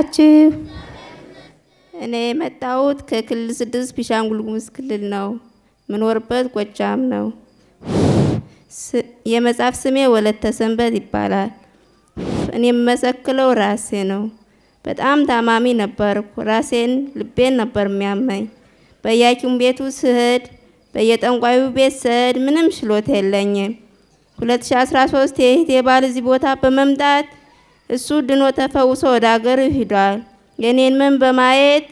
ይላችሁ። እኔ የመጣሁት ከክልል ስድስት ፒሻንጉል ጉሙዝ ክልል ነው። ምኖርበት ጎጃም ነው። የመጽሐፍ ስሜ ወለተ ሰንበት ይባላል። እኔ የምመሰክለው ራሴ ነው። በጣም ታማሚ ነበርኩ። ራሴን ልቤን ነበር የሚያመኝ። በያኪም ቤቱ ስሄድ፣ በየጠንቋዩ ቤት ስሄድ ምንም ችሎታ የለኝም። 2013 የእህቴ ባል እዚህ ቦታ በመምጣት እሱ ድኖ ተፈውሶ ወደ አገር ሂዷል። የኔን ምን በማየት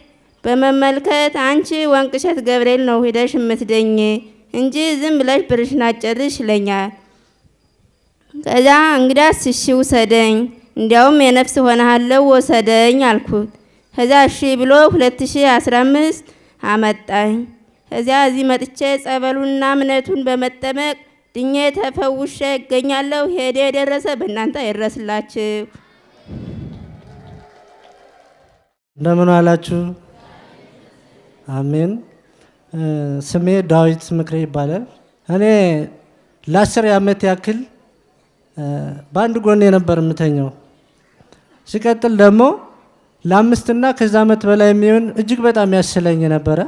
በመመልከት አንቺ ወንቅሸት ገብርኤል ነው ሂደሽ የምትደኝ እንጂ ዝም ብለሽ ብርሽን አጨርሽ ይለኛል። ከዛ እንግዳስ እሺ ውሰደኝ፣ እንዲያውም የነፍስ ሆነሃለው ወሰደኝ አልኩት። ከዛ እሺ ብሎ 2015 አመጣኝ። ከዚያ እዚህ መጥቼ ጸበሉንና እምነቱን በመጠመቅ ድኜ ተፈውሼ እገኛለሁ። ሄደ የደረሰ በእናንተ አይድረስላችሁ። እንደምን አላችሁ? አሜን። ስሜ ዳዊት ምክሬ ይባላል። እኔ ለአስር ዓመት ያክል በአንድ ጎን የነበር የምተኘው። ሲቀጥል ደግሞ ለአምስትና ከዛ ዓመት በላይ የሚሆን እጅግ በጣም ያስለኝ ነበረ።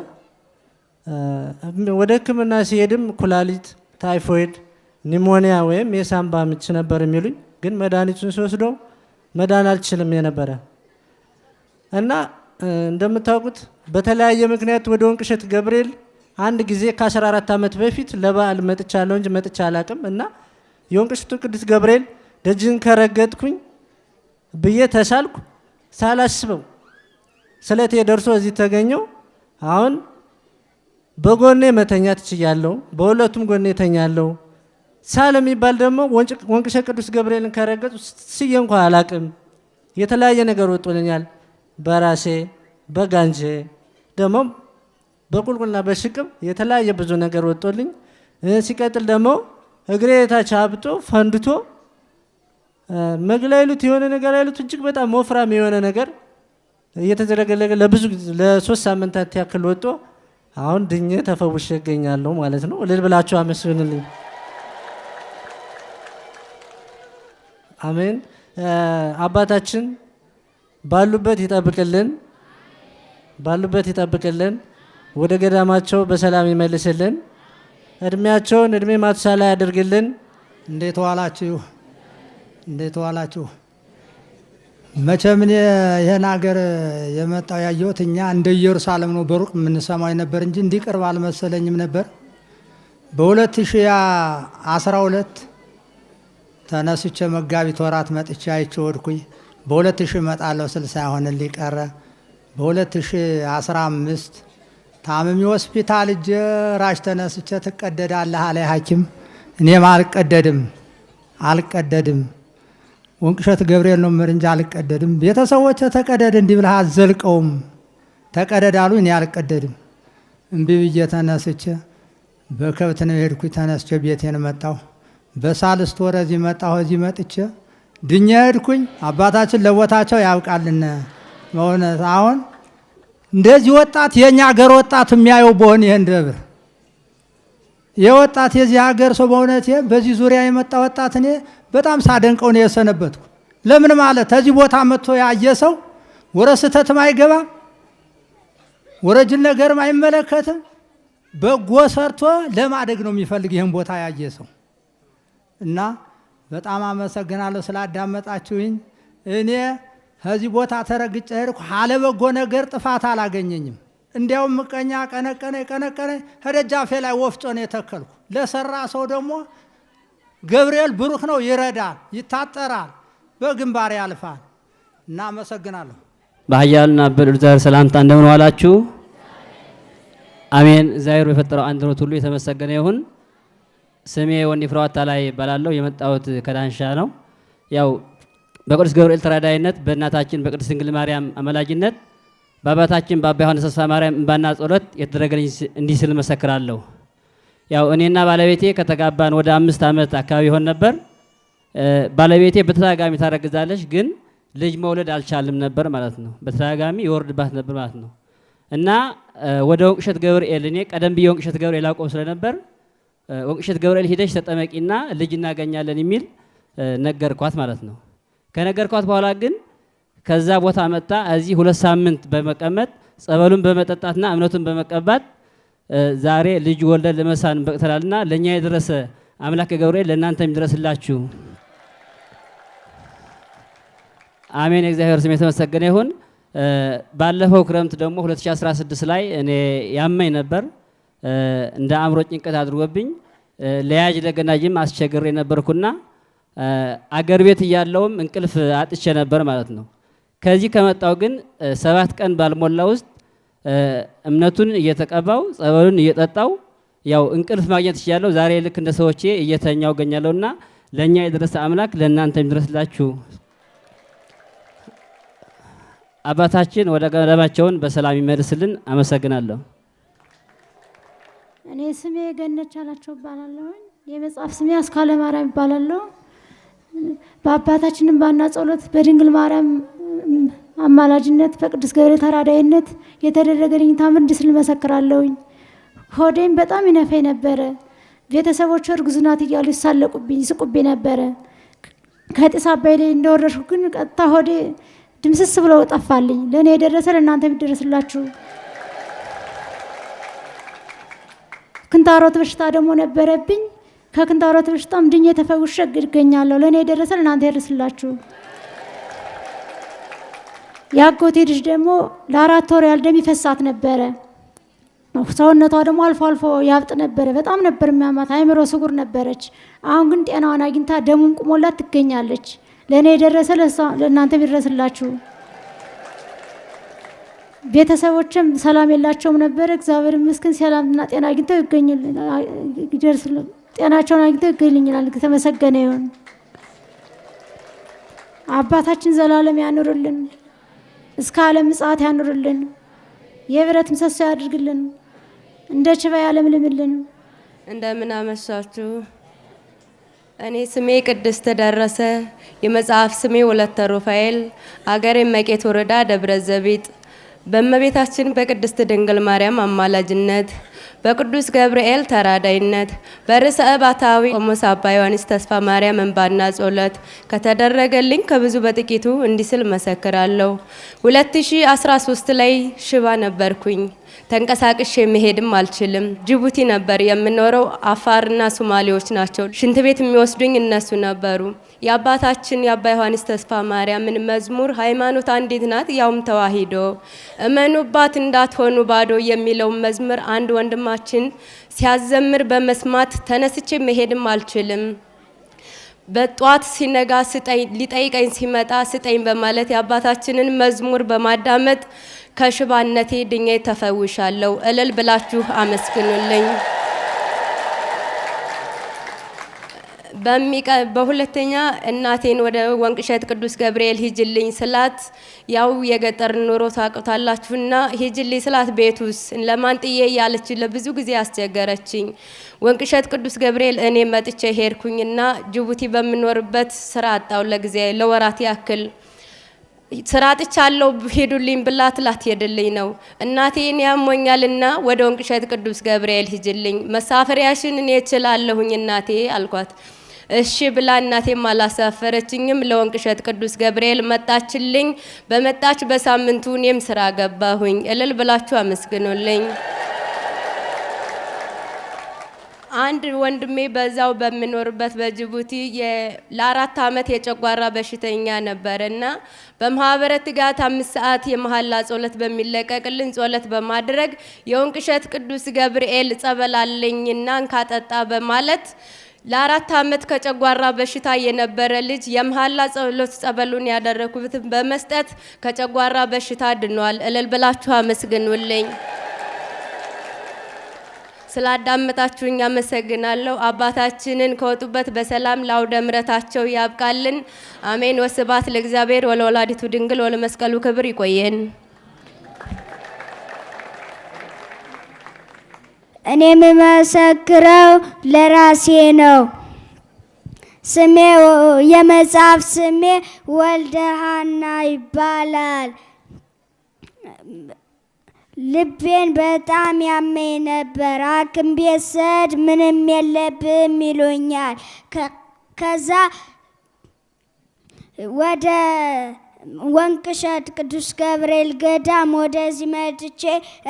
ወደ ሕክምና ሲሄድም ኩላሊት፣ ታይፎይድ፣ ኒሞኒያ ወይም የሳምባ ምች ነበር የሚሉኝ። ግን መድኃኒቱን ሲወስደው መዳን አልችልም የነበረ እና እንደምታውቁት በተለያየ ምክንያት ወደ ወንቅ እሸት ገብርኤል አንድ ጊዜ ከ14 ዓመት በፊት ለበዓል መጥቻለሁ እንጂ መጥቻ አላቅም እና የወንቅ ቅዱስ ገብርኤል ደጅን ከረገጥኩኝ ብዬ ተሳልኩ። ሳላስበው ስለቴ ደርሶ እዚህ ተገኘው። አሁን በጎኔ መተኛ እችያለሁ፣ በሁለቱም ጎኔ ተኛለሁ። ሳል የሚባል ደግሞ ወንቅ እሸት ቅዱስ ገብርኤልን ከረገጡ ስዬ እንኳ አላቅም። የተለያየ ነገር ወጦልኛል። በራሴ በጋንጄ ደግሞ በቁልቁልና በሽቅብ የተለያየ ብዙ ነገር ወጦልኝ ሲቀጥል ደግሞ እግሬ የታች አብጦ ፈንድቶ መግላይሉት የሆነ ነገር አይሉት እጅግ በጣም ወፍራም የሆነ ነገር እየተዘረገለገ ለብዙ ለሶስት ሳምንታት ያክል ወጦ አሁን ድኜ ተፈውሽ ይገኛለሁ ማለት ነው። እልል ብላችሁ አመስግንልኝ። አሜን አባታችን ባሉበት ይጠብቅልን፣ ባሉበት ይጠብቅልን። ወደ ገዳማቸው በሰላም ይመልስልን። እድሜያቸውን እድሜ ላይ ያደርግልን። እንዴት ዋላችሁ? እንዴት ዋላችሁ? መቼም እኔ ይህን ሀገር የመጣው ያየሁት እኛ እንደ ኢየሩሳሌም ነው በሩቅ የምንሰማው ነበር እንጂ እንዲቀርብ አልመሰለኝም ነበር። በ2012 ተነስቼ መጋቢት ወራት መጥቼ አይቼ ወድኩኝ። በሁለት ሺህ እመጣለሁ ስል ሳይሆን ሊቀረ በሁለት ሺህ አስራ አምስት ታምሚ ሆስፒታል እጀ ራሽ ተነስቼ ትቀደዳለህ አለ ሐኪም። እኔም አልቀደድም አልቀደድም ወንቅሸት ገብርኤል ነው ምር እንጂ አልቀደድም። ቤተሰቦች ተቀደድ እንዲህ ብለህ አዘልቀውም ተቀደድ አሉ። እኔ አልቀደድም እምቢ ብዬ ተነስቼ በከብት ነው የሄድኩኝ። ተነስቼ ቤቴን መጣሁ። በሳልስት ወር እዚህ መጣሁ። እዚህ መጥቼ ድኛ ሄድኩኝ። አባታችን ለቦታቸው ያብቃልን። በእውነት አሁን እንደዚህ ወጣት የእኛ ሀገር ወጣት የሚያየው በሆን ይህን ደብር የወጣት የዚህ ሀገር ሰው በእውነት በዚህ ዙሪያ የመጣ ወጣት እኔ በጣም ሳደንቀው ነው የሰነበትኩ። ለምን ማለት ከዚህ ቦታ መጥቶ ያየ ሰው ወረ ስህተትም አይገባም፣ ወረ ነገርም አይመለከትም። በጎ ሰርቶ ለማደግ ነው የሚፈልግ ይህን ቦታ ያየ ሰው እና በጣም አመሰግናለሁ ስላዳመጣችሁኝ። እኔ ከዚህ ቦታ ተረግጬ ሄድኩ። አለበጎ ነገር ጥፋት አላገኘኝም። እንዲያውም ምቀኛ ቀነቀነ ቀነቀነ ከደጃፌ ላይ ወፍጮ ነው የተከልኩ። ለሰራ ሰው ደግሞ ገብርኤል ብሩክ ነው። ይረዳል፣ ይታጠራል፣ በግንባር ያልፋል እና አመሰግናለሁ። በሀያልና በሉዛር ሰላምታ እንደምን ዋላችሁ። አሜን። እግዚአብሔር በፈጠረው አንድ ሁሉ የተመሰገነ ይሁን። ስሜ ወኒ ፍራዋታ ላይ እባላለሁ። የመጣሁት ከዳንሻ ነው። ያው በቅዱስ ገብርኤል ተራዳይነት በእናታችን በቅድስት ድንግል ማርያም አመላጅነት በአባታችን በአባ ዮሐንስ ተስፋ ማርያም እንባና ጸሎት የተደረገልኝ እንዲህ ስል መሰክራለሁ። ያው እኔና ባለቤቴ ከተጋባን ወደ አምስት ዓመት አካባቢ ይሆን ነበር። ባለቤቴ በተደጋጋሚ ታረግዛለች፣ ግን ልጅ መውለድ አልቻልም ነበር ማለት ነው። በተደጋጋሚ ይወርድባት ነበር ማለት ነው እና ወደ ወንቅ እሸት ገብርኤል እኔ ቀደም ብዬ ወንቅ እሸት ገብርኤል አቆም ስለነበር ወንቅሸት ገብርኤል ሂደሽ ተጠመቂና ልጅ እናገኛለን የሚል ነገርኳት ማለት ነው። ከነገርኳት በኋላ ግን ከዛ ቦታ መጣ እዚህ ሁለት ሳምንት በመቀመጥ ጸበሉን በመጠጣትና እምነቱን በመቀባት ዛሬ ልጅ ወልደን ለመሳን በቅተናልና ለእኛ የደረሰ አምላክ ገብርኤል ለእናንተ የሚደረስላችሁ አሜን። የእግዚአብሔር ስም የተመሰገነ ይሁን። ባለፈው ክረምት ደግሞ 2016 ላይ እኔ ያመኝ ነበር። እንደ አእምሮ ጭንቀት አድርጎብኝ ለያጅ ለገናጅም አስቸግር የነበርኩና አገር ቤት እያለውም እንቅልፍ አጥቼ ነበር ማለት ነው። ከዚህ ከመጣው ግን ሰባት ቀን ባልሞላ ውስጥ እምነቱን እየተቀባው ጸበሉን እየጠጣው ያው እንቅልፍ ማግኘት እችላለሁ። ዛሬ ልክ እንደ ሰዎቼ እየተኛው እገኛለሁና ለእኛ የደረሰ አምላክ ለእናንተ የሚደረስላችሁ አባታችን ወደ ገዳማቸውን በሰላም ይመልስልን። አመሰግናለሁ። እኔ ስሜ ገነች ቻላቸው እባላለሁኝ። የመጽሐፍ ስሜ አስካለ ማርያም ይባላለሁ። በአባታችንም ባና ጸሎት በድንግል ማርያም አማላጅነት በቅዱስ ገብርኤል ተራዳይነት የተደረገልኝ ታምር እንዲህ መሰክራለሁኝ። ሆዴም በጣም ይነፋኝ ነበረ። ቤተሰቦቹ እርጉዝ ናት እያሉ ይሳለቁብኝ፣ ይስቁብኝ ነበረ። ከጢስ አባይ ላይ እንደወረድኩ ግን ቀጥታ ሆዴ ድምስስ ብለው ጠፋልኝ። ለእኔ የደረሰ ለእናንተ የሚደረስላችሁ ክንታሮት በሽታ ደግሞ ነበረብኝ። ከክንታሮት በሽታም ድኜ ተፈውሼ እገኛለሁ። ለእኔ የደረሰ ለእናንተ ይደርስላችሁ። የአጎቴ ልጅ ደግሞ ለአራት ወር ያህል ደም ይፈሳት ነበረ። ሰውነቷ ደግሞ አልፎ አልፎ ያብጥ ነበረ። በጣም ነበር የሚያማት። አይምሮ ስጉር ነበረች። አሁን ግን ጤናዋን አግኝታ ደሙም ቁሞላት ትገኛለች። ለእኔ የደረሰ ለእናንተ ይድረስላችሁ። ቤተሰቦችም ሰላም የላቸውም ነበር። እግዚአብሔር ይመስገን ሰላምና ጤና አግኝተው ይደርስ ጤናቸውን አግኝተው ይገኝልኛል። ተመሰገነ ይሁን። አባታችን ዘላለም ያኑርልን፣ እስከ ዓለም ምጽአት ያኑርልን፣ የብረት ምሰሶ ያድርግልን፣ እንደ ችባ ያለምልምልን። እንደምን አመሻችሁ። እኔ ስሜ ቅድስት ደረሰ፣ የመጽሐፍ ስሜ ወለተ ሩፋኤል፣ አገሬ መቄት ወረዳ ደብረ ዘቢጥ በእመቤታችን በቅድስት ድንግል ማርያም አማላጅነት በቅዱስ ገብርኤል ተራዳይነት በርዕሰ ባታዊ ቆሞስ አባ ዮሐንስ ተስፋ ማርያም እንባና ጸሎት ከተደረገልኝ ከብዙ በጥቂቱ እንዲህ ስል መሰክራለሁ። 2013 ላይ ሽባ ነበርኩኝ። ተንቀሳቅሼ መሄድም አልችልም። ጅቡቲ ነበር የምኖረው። አፋርና ሶማሌዎች ናቸው። ሽንት ቤት የሚወስዱኝ እነሱ ነበሩ። የአባታችን የአባ ዮሐንስ ተስፋ ማርያምን መዝሙር ሃይማኖት አንዲት ናት ያውም ተዋሂዶ እመኑባት እንዳትሆኑ ባዶ የሚለውን መዝሙር አንድ ወንድማችን ሲያዘምር በመስማት ተነስቼ መሄድም አልችልም በጧት ሲነጋ ሊጠይቀኝ ሲመጣ ስጠኝ በማለት የአባታችንን መዝሙር በማዳመጥ ከሽባነቴ ድኜ ተፈውሻለሁ። እልል ብላችሁ አመስግኑልኝ። በሚቀ በሁለተኛ እናቴን ወደ ወንቅሸት ቅዱስ ገብርኤል ሂጅልኝ ስላት ያው የገጠር ኑሮ ታውቁታላችሁና ሂጅልኝ ስላት ቤቱስ ለማን ጥዬ እያለች ለብዙ ጊዜ አስቸገረችኝ። ወንቅሸት ቅዱስ ገብርኤል እኔ መጥቼ ሄድኩኝና ጅቡቲ በምኖርበት ስራ አጣው ለጊዜ ለወራት ያክል ስራ አጥቻለሁ ሂዱልኝ ብላት ላትሄድልኝ ነው። እናቴን ያሞኛልና ወደ ወንቅሸት ቅዱስ ገብርኤል ሂጅልኝ መሳፈሪያሽን እኔ እችላለሁኝ እናቴ አልኳት። እሺ ብላ እናቴም አላሳፈረችኝም። ለወንቅ እሸት ቅዱስ ገብርኤል መጣችልኝ። በመጣች በሳምንቱ እኔም ስራ ገባሁኝ። እልል ብላችሁ አመስግኑልኝ። አንድ ወንድሜ በዛው በምኖርበት በጅቡቲ ለአራት አመት የጨጓራ በሽተኛ ነበር እና በማህበረ ትጋት አምስት ሰዓት የመሀላ ጸሎት በሚለቀቅልን ጸሎት በማድረግ የወንቅ እሸት ቅዱስ ገብርኤል ጸበላለኝና እንካጠጣ በማለት ለአራት ዓመት ከጨጓራ በሽታ የነበረ ልጅ የመሐላ ጸሎት ጸበሉን ያደረኩትን በመስጠት ከጨጓራ በሽታ ድኗል። እልል ብላችሁ አመስግኑልኝ። ስላዳመጣችሁኝ አመሰግናለሁ። አባታችንን ከወጡበት በሰላም ለአውደ ምረታቸው ያብቃልን። አሜን። ወስባት ለእግዚአብሔር ወለወላዲቱ ድንግል ወለመስቀሉ ክብር። ይቆየን። እኔ የምመሰክረው ለራሴ ነው። ስሜ የመጽሐፍ ስሜ ወልደ ይባላል። ልቤን በጣም ያመኝ ነበር። ሐኪም ቤት ስሄድ ምንም የለብም ይሉኛል። ከዛ ወደ ወንቅሸት ቅዱስ ገብርኤል ገዳም ወደዚህ መጥቼ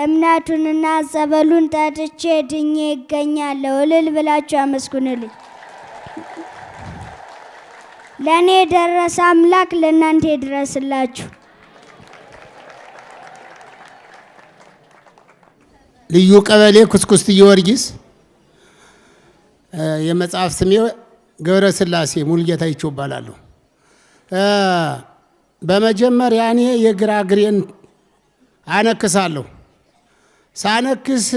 እምነቱንና ጸበሉን ጠጥቼ ድኜ ይገኛለሁ። እልል ብላችሁ አመስግኑልኝ። ለእኔ የደረሰ አምላክ ለእናንተ ይድረስላችሁ። ልዩ ቀበሌ ኩስኩስት ጊዮርጊስ፣ የመጽሐፍ ስሜ ገብረ ስላሴ ሙልጌታ ይቸው እባላለሁ። በመጀመሪያ እኔ የግራ እግሬን አነክሳለሁ። ሳነክስ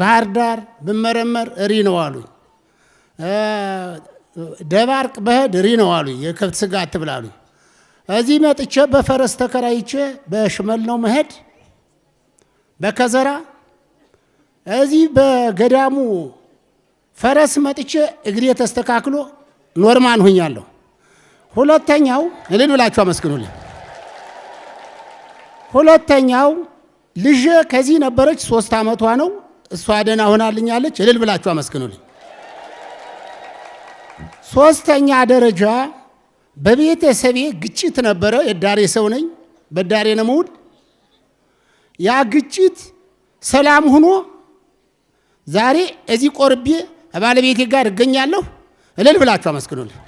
ባህር ዳር ብመረመር እሪ ነው አሉኝ። ደባርቅ በህድ እሪ ነው አሉኝ። የከብት ስጋ አትብላሉኝ። እዚህ መጥቼ በፈረስ ተከራይቼ በሽመል ነው መሄድ በከዘራ እዚህ በገዳሙ ፈረስ መጥቼ እግሬ ተስተካክሎ ኖርማን ሁኛለሁ። ሁለተኛው እልል ብላችሁ አመስግኑልኝ። ሁለተኛው ልጄ ከዚህ ነበረች፣ ሶስት ዓመቷ ነው። እሷ ደህና ሆናልኛለች። እልል ብላችሁ አመስግኑልኝ። ሶስተኛ ደረጃ በቤተሰቤ ግጭት ነበረ። የዳሬ ሰው ነኝ፣ በዳሬ ነው የምውል። ያ ግጭት ሰላም ሆኖ ዛሬ እዚህ ቆርቤ ከባለቤቴ ጋር እገኛለሁ። እልል ብላችሁ አመስግኑልኝ።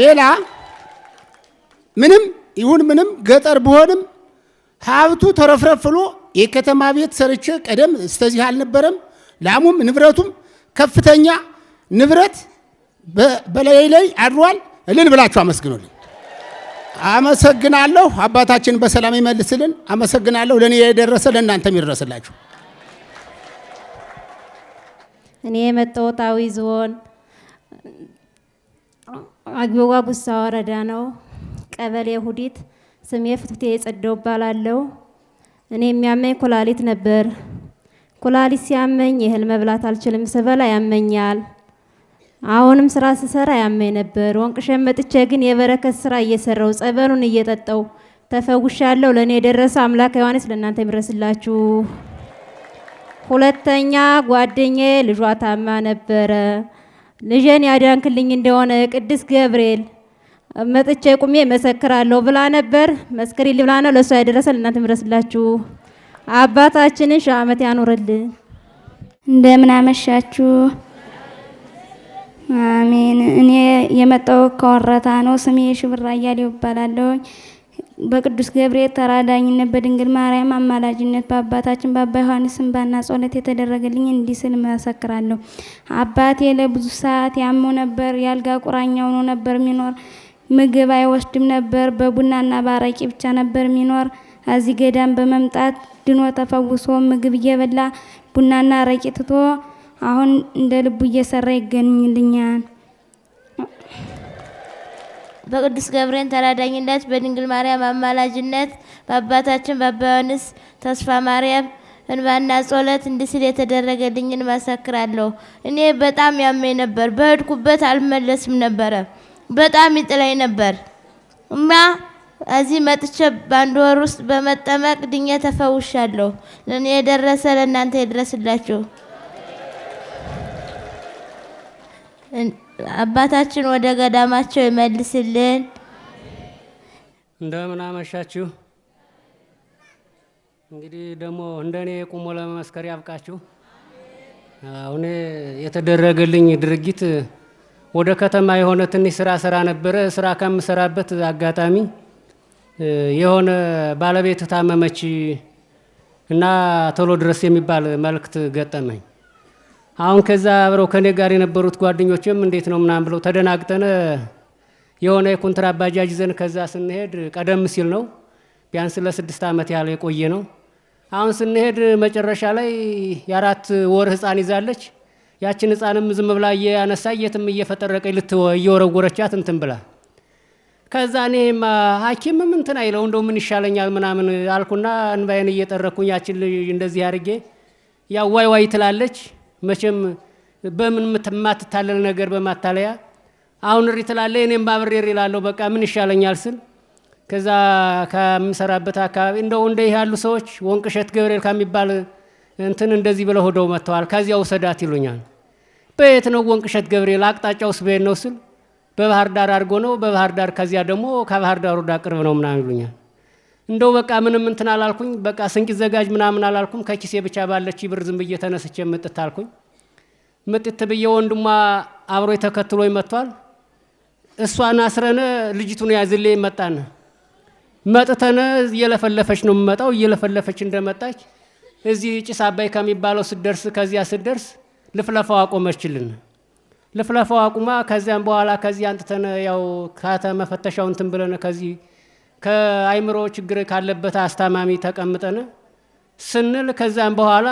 ሌላ ምንም ይሁን ምንም ገጠር ብሆንም ሀብቱ ተረፍረፍሎ የከተማ ቤት ሰርቼ ቀደም እስተዚህ አልነበረም። ላሙም ንብረቱም ከፍተኛ ንብረት በላይ ላይ አድሯል። እልል ብላችሁ አመስግኑልኝ። አመሰግናለሁ። አባታችን በሰላም ይመልስልን። አመሰግናለሁ። ለእኔ የደረሰ ለእናንተም ይደረስላችሁ። እኔ የመጣሁት አዊ ዞን አግበዋ ቡሳ ወረዳ ነው፣ ቀበሌ ሁዲት። ስሜ ፍትፍቴ የጸደው እባላለሁ። እኔ የሚያመኝ ኩላሊት ነበር። ኩላሊት ሲያመኝ እህል መብላት አልችልም፣ ስበላ ያመኛል። አሁንም ስራ ስሰራ ያመኝ ነበር። ወንቅሸት መጥቼ ግን የበረከት ስራ እየሰራው ጸበሉን እየጠጣው ተፈውሻለሁ። ለእኔ የደረሰ አምላክ ዮሐንስ ለእናንተ የሚደርስላችሁ። ሁለተኛ ጓደኛዬ ልጇ ታማ ነበረ። ልጄን ያዳንክልኝ እንደሆነ ቅዱስ ገብርኤል መጥቼ ቁሜ መሰክራለሁ ብላ ነበር። መስከሪ ልብላ ነው ለእሷ ያደረሰ እናንተ ምረስላችሁ። አባታችንን ሺህ ዓመት ያኖርልን። እንደምን አመሻችሁ። አሜን። እኔ የመጣው ከወረታ ነው። ስሜ ሽብራ እያሌው በቅዱስ ገብርኤል ተራዳኝነት በድንግል ማርያም አማላጅነት በአባታችን በአባ ዮሐንስም እንባና ጸሎት የተደረገልኝ እንዲህ ስል መሰክራለሁ። አባቴ ለብዙ ሰዓት ያሞ ነበር። ያልጋ ቁራኛ ሆኖ ነበር የሚኖር። ምግብ አይወስድም ነበር። በቡናና በአረቄ ብቻ ነበር የሚኖር። እዚህ ገዳም በመምጣት ድኖ ተፈውሶ ምግብ እየበላ ቡናና አረቄ ትቶ አሁን እንደ ልቡ እየሰራ ይገኝልኛል። በቅዱስ ገብርኤል ተራዳኝነት በድንግል ማርያም አማላጅነት በአባታችን በአባ ዮሐንስ ተስፋ ማርያም እንባና ጸሎት እንዲህ ስል የተደረገልኝን መሰክራለሁ። እኔ በጣም ያመኝ ነበር። በሄድኩበት አልመለስም ነበረ። በጣም ይጥለኝ ነበር እና እዚህ መጥቼ በአንድ ወር ውስጥ በመጠመቅ ድኜ ተፈውሻለሁ። ለእኔ የደረሰ ለእናንተ ይድረስላችሁ። አባታችን ወደ ገዳማቸው ይመልስልን። እንደምን አመሻችሁ። እንግዲህ ደግሞ እንደኔ ቁሞ ለመመስከር ያብቃችሁ። አሁን የተደረገልኝ ድርጊት ወደ ከተማ የሆነ ትንሽ ስራ ስራ ነበረ። ስራ ከምሰራበት አጋጣሚ የሆነ ባለቤት ታመመች እና ቶሎ ድረስ የሚባል መልእክት ገጠመኝ። አሁን ከዛ አብረው ከኔ ጋር የነበሩት ጓደኞችም እንዴት ነው ምናምን ብለው ተደናግጠን የሆነ የኮንትራ ባጃጅ ይዘን ከዛ ስንሄድ ቀደም ሲል ነው ቢያንስ ለስድስት ዓመት ያለ የቆየ ነው። አሁን ስንሄድ መጨረሻ ላይ የአራት ወር ህፃን ይዛለች። ያችን ህፃንም ዝም ብላ እያነሳ የትም እየፈጠረቀ እየወረወረቻት እንትን ብላ ከዛ እኔማ ሐኪምም እንትን አይለው እንደው ምን ይሻለኛል ምናምን አልኩና እንባዬን እየጠረኩኝ ያችን እንደዚህ አድርጌ ያዋይዋይ ትላለች መቼም በምን የማትታለል ነገር በማታለያ አሁን ሪ ትላለ እኔም ባብሬር ይላለሁ። በቃ ምን ይሻለኛል ስል ከዛ ከምሰራበት አካባቢ እንደው እንደ ይህ ያሉ ሰዎች ወንቅ እሸት ገብርኤል ከሚባል እንትን እንደዚህ ብለው ሆደው መጥተዋል፣ ከዚያ ውሰዳት ይሉኛል። በየት ነው ወንቅ እሸት ገብርኤል? አቅጣጫውስ በየት ነው ስል በባህር ዳር አድርጎ ነው በባህር ዳር ከዚያ ደግሞ ከባህር ዳር ወደ ቅርብ ነው ምናምን ይሉኛል። እንደው በቃ ምንም እንትን አላልኩኝ። በቃ ስንቅ ዘጋጅ ምናምን አላልኩም። ከኪሴ ብቻ ባለች ብር ዝም ብዬ ተነስቼ ምጥት አልኩኝ። ምጥት ብዬ ወንድሟ አብሮ ተከትሎኝ መጥቷል። እሷን አስረነ ልጅቱን ያዝሌ መጣን። መጥተነ እየለፈለፈች ነው የምመጣው። እየለፈለፈች እንደመጣች እዚህ ጭስ አባይ ከሚባለው ስደርስ ከዚያ ስደርስ ልፍለፋው አቆመችልን። ልፍለፋው አቁማ ከዚያም በኋላ ከዚህ አንጥተነ ያው ካተ መፈተሻው እንትን ብለነ ከዚህ ከአይምሮ ችግር ካለበት አስታማሚ ተቀምጠን ስንል ከዛም በኋላ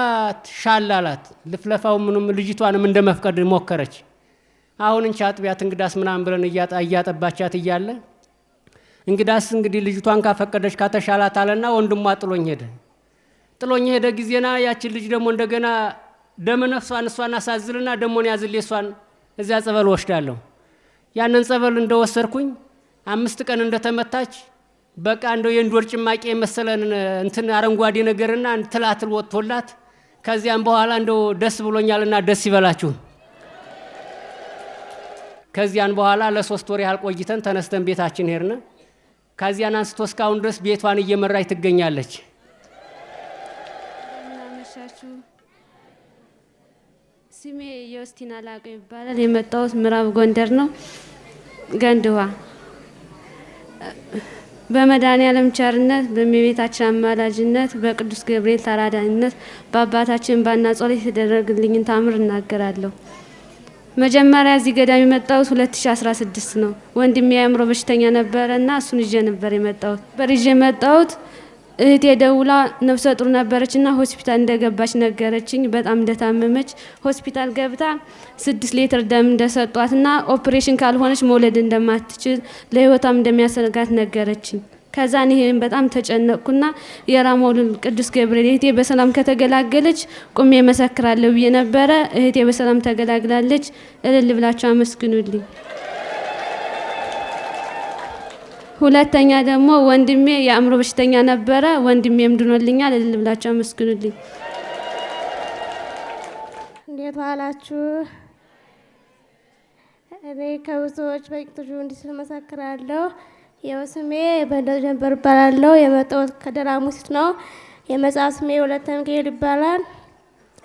ሻላላት ልፍለፋው ምንም ልጅቷንም እንደ መፍቀድ ሞከረች። አሁን እንቺ አጥቢያት እንግዳስ ምናምን ብለን እያጠባቻት እያለ እንግዳስ እንግዲህ ልጅቷን ካፈቀደች ካተሻላት አለና ወንድሟ ጥሎኝ ሄደ። ጥሎኝ ሄደ ጊዜና ያችን ልጅ ደግሞ እንደገና ደመ ነፍሷን እሷን አሳዝልና ደሞን ያዝሌ እሷን እዚያ ጸበል ወስዳለሁ። ያንን ጸበል እንደወሰድኩኝ አምስት ቀን እንደተመታች በቃ እንደው የእንዶር ጭማቂ የመሰለን እንትን አረንጓዴ ነገርና ትላትል ወጥቶላት ከዚያም በኋላ እንደው ደስ ብሎኛልና ደስ ይበላችሁ። ከዚያን በኋላ ለሶስት ወር ያህል ቆይተን ተነስተን ቤታችን ሄድን። ከዚያን አንስቶ እስካሁን ድረስ ቤቷን እየመራች ትገኛለች። ስሜ የውስቲና ላቀ ይባላል። የመጣሁት ምዕራብ ጎንደር ነው ገንድዋ በመድኃኔዓለም ቸርነት በእመቤታችን አማላጅነት በቅዱስ ገብርኤል ተራዳኢነት በአባታችን ባና ጸሎት የተደረግልኝን ታምር እናገራለሁ። መጀመሪያ እዚህ ገዳም የመጣሁት 2016 ነው። ወንድሜ ያምሮ በሽተኛ ነበረና እሱን ይዤ ነበር የመጣሁት በር ይዤ የመጣሁት እህቴ ደውላ ነፍሰ ጡር ነበረችና ሆስፒታል እንደገባች ነገረችኝ። በጣም እንደታመመች ሆስፒታል ገብታ ስድስት ሊትር ደም እንደሰጧትና ኦፕሬሽን ካልሆነች መውለድ እንደማትችል ለህይወቷም እንደሚያሰጋት ነገረችኝ። ከዛን ይህን በጣም ተጨነቅኩና የራሞሉን ቅዱስ ገብርኤል እህቴ በሰላም ከተገላገለች ቁሜ መሰክራለሁ ብዬ ነበረ። እህቴ በሰላም ተገላግላለች። እልል ብላችሁ አመስግኑልኝ። ሁለተኛ ደግሞ ወንድሜ የአእምሮ በሽተኛ ነበረ። ወንድሜ ድኖልኛል። እልል ብላቸው አመስግኑልኝ። እንዴት ዋላችሁ? እኔ ከብዙዎች በቅጥሹ እንዲስል መሰክራለሁ። ይኸው ስሜ በንደት ጀንበር ይባላለሁ። የመጣሁት ከደራ ሙሲት ነው። የመጽሐፍ ስሜ ሁለተ ሚካኤል ይባላል።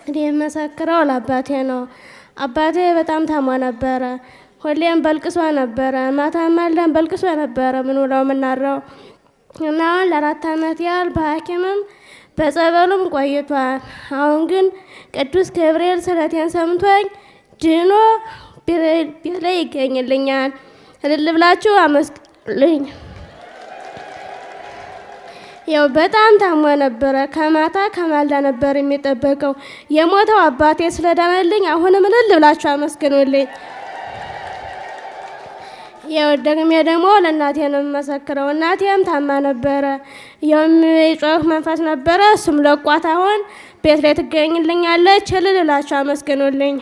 እኔ የመሰክረው ለአባቴ ነው። አባቴ በጣም ታማ ነበረ። ሁሌም በልቅሶ ነበረ። ማታ ማለን በልቅሶ ነበረ ምንውለው ምናድረው እና አሁን ለአራት ዓመት ያህል በሐኪምም በጸበሉም ቆይቷል። አሁን ግን ቅዱስ ገብርኤል ስለቴን ሰምቶኝ ድኖ ላይ ይገኝልኛል። እልል ብላችሁ ያው በጣም ታሞ ነበረ። ከማታ ከማልዳ ነበር የሚጠበቀው። የሞተው አባቴ ስለዳነልኝ አሁንም እልል ብላችሁ አመስግኑልኝ። የወደቅሜ ደግሞ ለእናቴ ነው የምመሰክረው። እናቴም ታማ ነበረ፣ የሚጮህ መንፈስ ነበረ። እሱም ለቋት አሁን ቤት ላይ ትገኝልኛለች። እልል እላችሁ አመስግኑልኝ።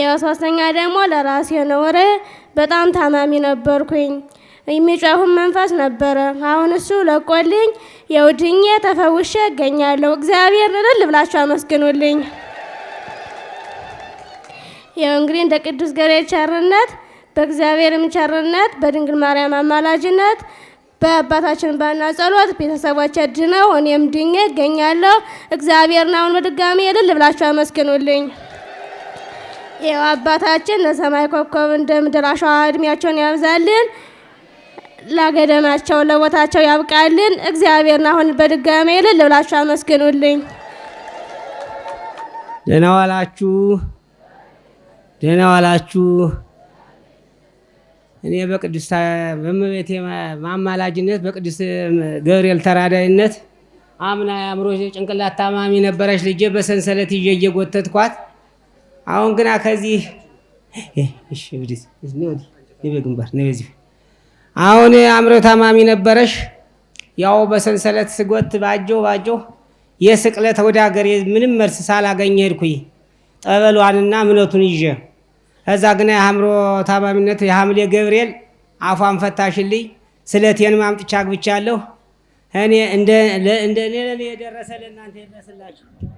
የሶስተኛ ደግሞ ለራሴ ነው። በጣም ታማሚ ነበርኩኝ። የሚጮህም መንፈስ ነበረ። አሁን እሱ ለቆልኝ፣ የውድኜ ተፈውሼ እገኛለሁ። እግዚአብሔር እልል ብላችሁ አመስግኑልኝ። ያው እንግዲህ እንደ ቅዱስ ገብርኤል ቸርነት በእግዚአብሔርም ቸርነት በድንግል ማርያም አማላጅነት በአባታችን ባና ጸሎት ቤተሰቦች ድነው እኔም ድኜ እገኛለሁ። እግዚአብሔርን አሁን በድጋሚ እልል ብላችሁ አመስግኑልኝ። ይኸው አባታችን ለሰማይ ኮከብ እንደ ምድር አሸዋ እድሜያቸውን ያብዛልን፣ ላገደማቸው ለቦታቸው ያብቃልን። እግዚአብሔርን አሁን በድጋሚ እልል ብላችሁ አመስግኑልኝ። ደህና ዋላችሁ። ደህና ዋላችሁ። እኔ በቅድስት በእመቤቴ ማማላጅነት በቅዱስ ገብርኤል ተራዳይነት አምና የአእምሮ ጭንቅላት ታማሚ ነበረች ልጄ በሰንሰለት ይዤ እየጎተትኳት አሁን ግና ከዚህ ግንባር በዚህ አሁን አእምሮ ታማሚ ነበረሽ። ያው በሰንሰለት ስጎት ባጆ ባጆ የስቅለት ወደ ሀገር ምንም መልስ ሳላገኘ ሄድኩኝ። ጠበሏንና እምነቱን ይዤ እዛ ግና የአእምሮ ታማሚነት የሐምሌ ገብርኤል አፏን ፈታሽልኝ ስለቴን ማምጥቻ አግብቻለሁ። እኔ እንደ እኔ የደረሰ ለእናንተ ይድረስላችሁ።